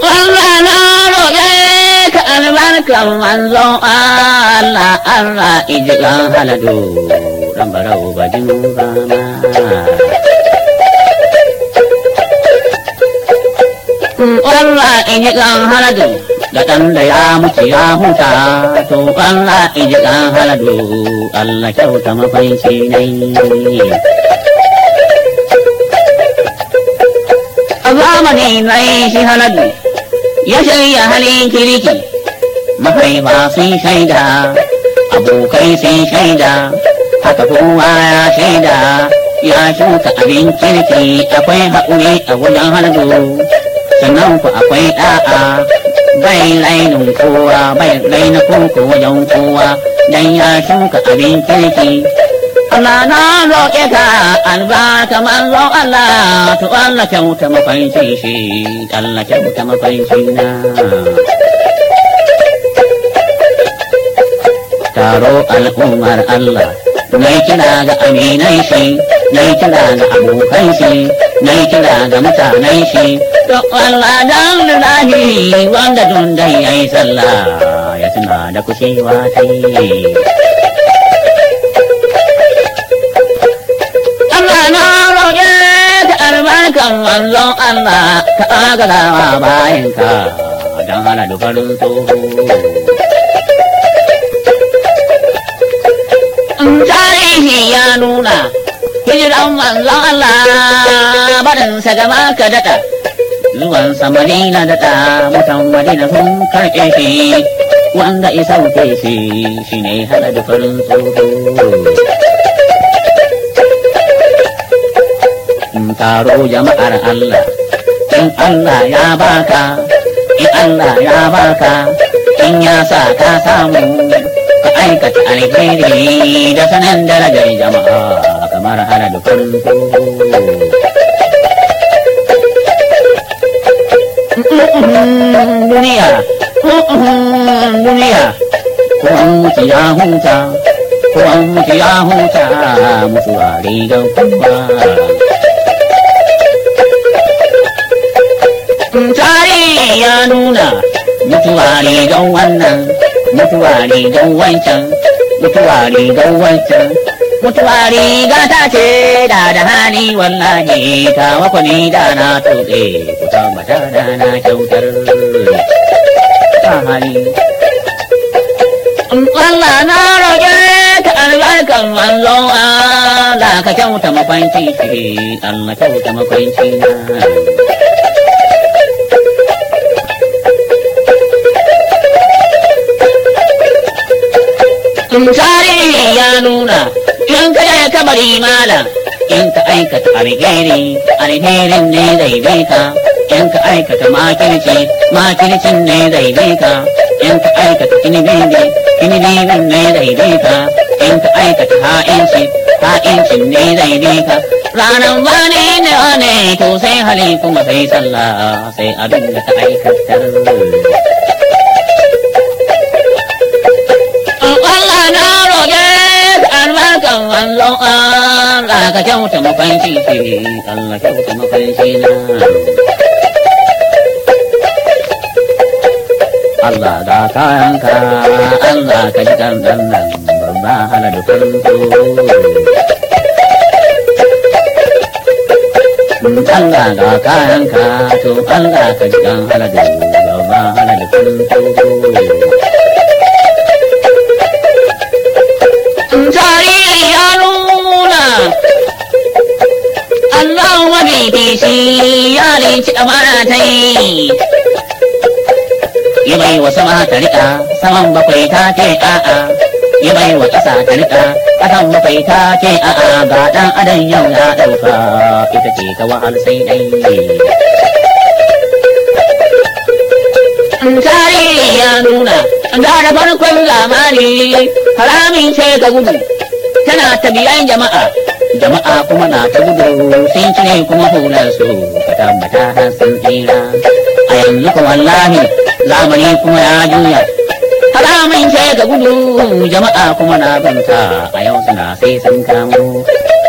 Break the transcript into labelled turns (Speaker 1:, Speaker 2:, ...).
Speaker 1: Allah na roƙe ka albarka manzon Allah Allah ijikan haladu. dan barau bajin fama. Allah in ji kan haladu da ɗan da ya mutu ya huta to Allah in kan haladu Allah kyauta mafarki nai. A zamani nai shi haladu ya shirya halin kirki mahaifa sun shaida abokai sun shaida haka kowa ya shaida ya shuka abin kirki akwai haƙuri a gudan harzo sannan ku akwai ɗa'a bai lainin kowa bai lainin koko wajen kowa dan ya shuka abin kirki Allah roƙe ka albarka manzon Allah to Allah kyauta mafarkin shi Allah kyauta mafarkin na. Taro al'ummar Allah nai kira ga aminai shi nai kira ga abokan shi nai kira ga mutanen shi to Allah dan lahi wanda dun dai yayi sallah ya tuna da kushewa sai albarkan manzon Allah ka agada wa bayanka don hana dubarin toho. Tarihi ya nuna hijiran manzon Allah barinsa gama ka daɗa zuwan samari na daɗa mutan madina sun karɓe shi wanda isa wuce shi shi ne hana dubarin toho. taro jama'ar Allah in Allah ya baka in Allah ya baka in ya sa ka samu ka aikata alheri da sanan darajar jama'a kamar hana da farko duniya duniya ko an mutu ya huta ko an mutu ya huta mutuwa rigar kuma tarihi ya nuna mutuwa ne don wannan mutuwa ne don wancan mutuwa ne don wancan mutuwa riga ta ce da da hali wallahi ta wako ni da na tuɗe ku mata da na kyautar ta hali Allah na roƙe ka albarkan manzo Allah ka kyauta mafanci Allah kyauta mafanci na tarihi ya nuna in kada ya kabari malam in ka aikata alheri alherin ne zai bai ka in ka aikata makirci makircin ne zai bai ka in ka aikata kini kinibibin ne zai bai ka in ka aikata ha'inci ha'incin ne zai bai ka ranar wani ne wane to sai hali kuma sai sallah sai abin da ka aikata Allah Allah kayanka Allah ka dan hala da Allah kayanka to Allah ka ji kan hala hala da bibishi ya rinci kamara ta yi yi bai wa sama ta riƙa saman bakwai ta ce a'a yi bai wa ƙasa ta riƙa ƙasan bakwai ta ce a'a ga ɗan adam yau ya ɗauka ita ce ta wahal sai dai tarihi ya nuna gara farkon zamani haramin ce ka gudu tana tabiyan jama'a jama'a kuma na ta gudu sun cire kuma hular su ka tabbata har sun tsira a yanzu ko wallahi zamani kuma ya juya kalamin ce ga gudu jama'a kuma na banta a yau suna sai sun kamo